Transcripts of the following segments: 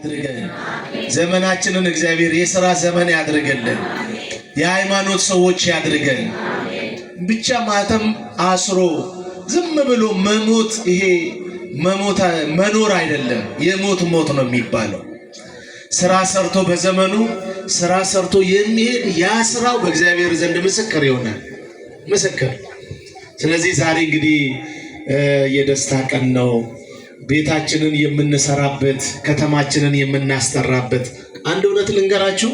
ያድርገን። ዘመናችንን እግዚአብሔር የሥራ ዘመን ያድርገልን የሃይማኖት ሰዎች ያድርገን። ብቻ ማተም አስሮ ዝም ብሎ መሞት ይሄ መሞት መኖር አይደለም፣ የሞት ሞት ነው የሚባለው። ስራ ሰርቶ በዘመኑ ስራ ሰርቶ የሚሄድ ያ ስራው በእግዚአብሔር ዘንድ ምስክር ይሆናል፣ ምስክር። ስለዚህ ዛሬ እንግዲህ የደስታ ቀን ነው። ቤታችንን የምንሰራበት፣ ከተማችንን የምናስጠራበት። አንድ እውነት ልንገራችሁ፣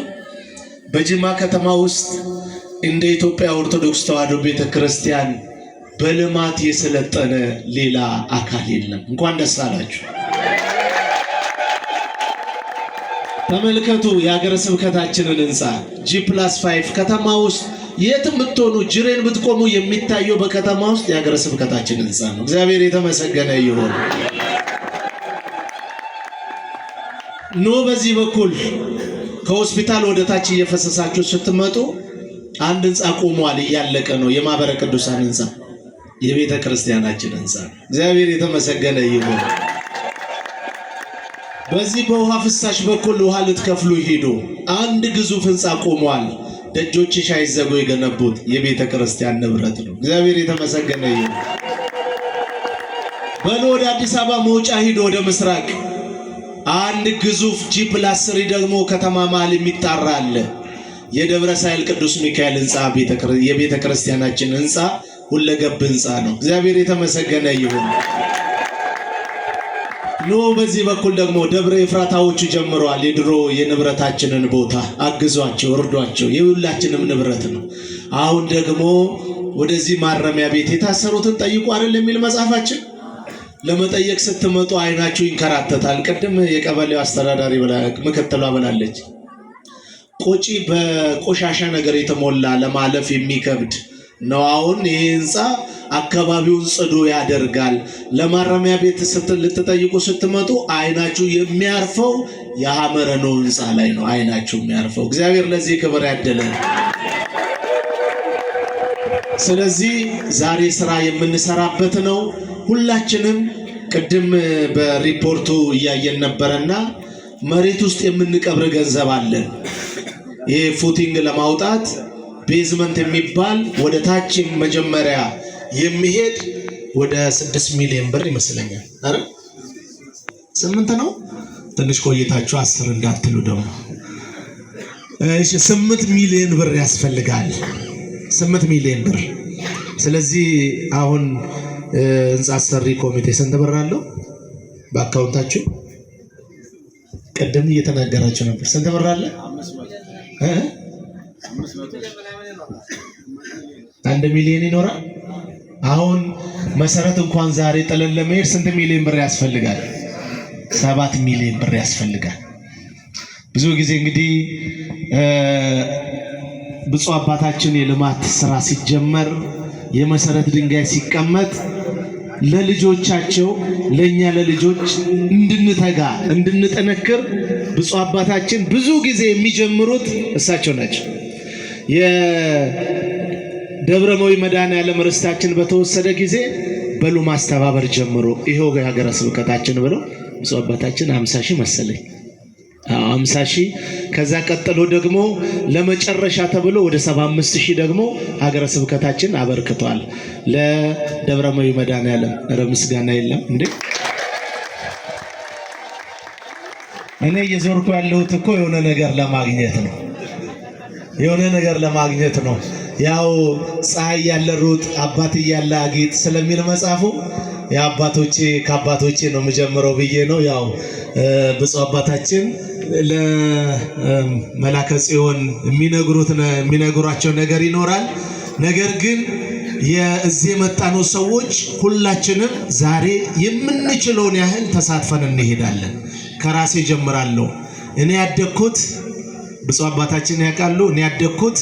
በጅማ ከተማ ውስጥ እንደ ኢትዮጵያ ኦርቶዶክስ ተዋሕዶ ቤተ ክርስቲያን በልማት የሰለጠነ ሌላ አካል የለም። እንኳን ደስ አላችሁ። ተመልከቱ የሀገረ ስብከታችንን ህንፃ ጂ ፕላስ ፋይቭ ከተማ ውስጥ የትም ብትሆኑ ጅሬን ብትቆሙ የሚታየው በከተማ ውስጥ የሀገረ ስብከታችን ህንፃ ነው። እግዚአብሔር የተመሰገነ ይሆን። ኖ በዚህ በኩል ከሆስፒታል ወደ ታች እየፈሰሳችሁ ስትመጡ አንድ ህንፃ ቆሟል፣ እያለቀ ነው። የማህበረ ቅዱሳን ህንፃ፣ የቤተ ክርስቲያናችን ህንፃ። እግዚአብሔር የተመሰገነ ይሁን። በዚህ በውሃ ፍሳሽ በኩል ውሃ ልትከፍሉ ሂዱ። አንድ ግዙፍ ህንፃ ቆሟል። ደጆች አይዘጉ። የገነቡት የቤተ ክርስቲያን ንብረት ነው። እግዚአብሔር የተመሰገነ ይሁን። በሎ ወደ አዲስ አበባ መውጫ ሂዱ፣ ወደ ምስራቅ አንድ ግዙፍ ጂ ፕላስ ደግሞ ከተማ መሃል የሚጣራ አለ። የደብረ ሳይል ቅዱስ ሚካኤል ህንፃ የቤተ ክርስቲያናችን ህንፃ ሁለገብ ህንፃ ነው። እግዚአብሔር የተመሰገነ ይሁን። ኖ በዚህ በኩል ደግሞ ደብረ ኤፍራታዎቹ ጀምረዋል። የድሮ የንብረታችንን ቦታ አግዟቸው፣ እርዷቸው። የሁላችንም ንብረት ነው። አሁን ደግሞ ወደዚህ ማረሚያ ቤት የታሰሩትን ጠይቁ አይደል የሚል መጽሐፋችን ለመጠየቅ ስትመጡ አይናችሁ ይንከራተታል። ቅድም የቀበሌው አስተዳዳሪ ምክትሏ ብላለች፣ ቆጪ በቆሻሻ ነገር የተሞላ ለማለፍ የሚከብድ ነው። አሁን ይህ ህንፃ አካባቢውን ጽዱ ያደርጋል። ለማረሚያ ቤት ልትጠይቁ ስትመጡ አይናችሁ የሚያርፈው የሐመረ ነው ህንፃ ላይ ነው አይናችሁ የሚያርፈው። እግዚአብሔር ለዚህ ክብር ያደለን። ስለዚህ ዛሬ ስራ የምንሰራበት ነው። ሁላችንም ቅድም በሪፖርቱ እያየን ነበረና መሬት ውስጥ የምንቀብር ገንዘብ አለን። ይህ ፉቲንግ ለማውጣት ቤዝመንት የሚባል ወደ ታች መጀመሪያ የሚሄድ ወደ ስድስት ሚሊዮን ብር ይመስለኛል። አረ ስምንት ነው። ትንሽ ቆይታችሁ አስር እንዳትሉ ደግሞ። ስምንት ሚሊዮን ብር ያስፈልጋል። ስምንት ሚሊዮን ብር። ስለዚህ አሁን ህንፃ አሰሪ ኮሚቴ ስንት ብር አለው በአካውንታችሁ? ቅድም እየተናገራችሁ ነበር። ስንት ብር አለ? አንድ ሚሊዮን ይኖራል። አሁን መሰረት እንኳን ዛሬ ጥለን ለመሄድ ስንት ሚሊዮን ብር ያስፈልጋል? ሰባት ሚሊዮን ብር ያስፈልጋል። ብዙ ጊዜ እንግዲህ ብፁዕ አባታችን የልማት ስራ ሲጀመር የመሰረት ድንጋይ ሲቀመጥ ለልጆቻቸው ለእኛ ለልጆች እንድንተጋ እንድንጠነክር ብፁዕ አባታችን ብዙ ጊዜ የሚጀምሩት እሳቸው ናቸው። የደብረመዊ መድኃኔዓለም ርስታችን በተወሰደ ጊዜ በሉ ማስተባበር ጀምሮ ይኸው የሀገረ ስብከታችን ብለው ብፁዕ አባታችን አምሳ ሺህ መሰለኝ አምሳ ሺህ ከዛ ቀጥሎ ደግሞ ለመጨረሻ ተብሎ ወደ 75 ሺህ ደግሞ ሀገረ ስብከታችን አበርክቷል። አበርክተዋል ለደብረማዊ መድኃኔዓለም። ኧረ ምስጋና የለም እንዴ! እኔ እየዞርኩ ያለሁት እኮ የሆነ ነገር ለማግኘት ነው የሆነ ነገር ለማግኘት ነው። ያው ፀሐይ ያለ ሩጥ አባት እያለ አጊጥ ስለሚል መጽሐፉ የአባቶቼ ከአባቶቼ ነው የምጀምረው ብዬ ነው ያው ብፁዕ አባታችን ለመላከ ጽዮን የሚነግሩት የሚነግሯቸው ነገር ይኖራል። ነገር ግን የዚህ የመጣነው ሰዎች ሁላችንም ዛሬ የምንችለውን ያህል ተሳትፈን እንሄዳለን። ከራሴ ጀምራለሁ። እኔ ያደግኩት ብፁዕ አባታችን ያውቃሉ። እኔ ያደግኩት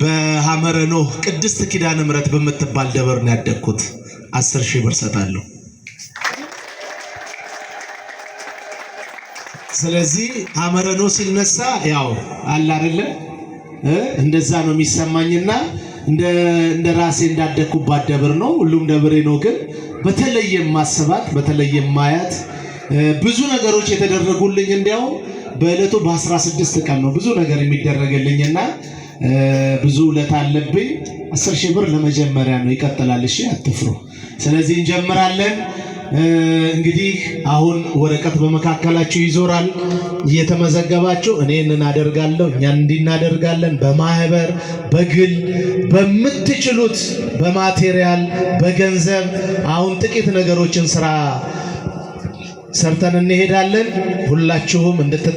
በሐመረ ኖህ ቅድስት ኪዳነ ምሕረት በምትባል ደብር ነው ያደግኩት። አስር ሺህ ብር ሰጣለሁ። ስለዚህ አመረኖ ሲነሳ ያው አለ አይደለ እንደዛ ነው የሚሰማኝና እንደ ራሴ እንዳደግኩባት ደብር ነው። ሁሉም ደብሬ ነው፣ ግን በተለየ ማስባት በተለየ ማያት ብዙ ነገሮች የተደረጉልኝ እንዲያውም በእለቱ በ16 ቀን ነው ብዙ ነገር የሚደረግልኝና ብዙ ዕለት አለብኝ። 10 ሺህ ብር ለመጀመሪያ ነው፣ ይቀጥላል። እሺ አትፍሩ። ስለዚህ እንጀምራለን። እንግዲህ አሁን ወረቀት በመካከላችሁ ይዞራል። እየተመዘገባችሁ እኔን እናደርጋለሁ እኛ እንዲናደርጋለን በማህበር በግል በምትችሉት በማቴሪያል በገንዘብ አሁን ጥቂት ነገሮችን ስራ ሰርተን እንሄዳለን። ሁላችሁም እንድትታ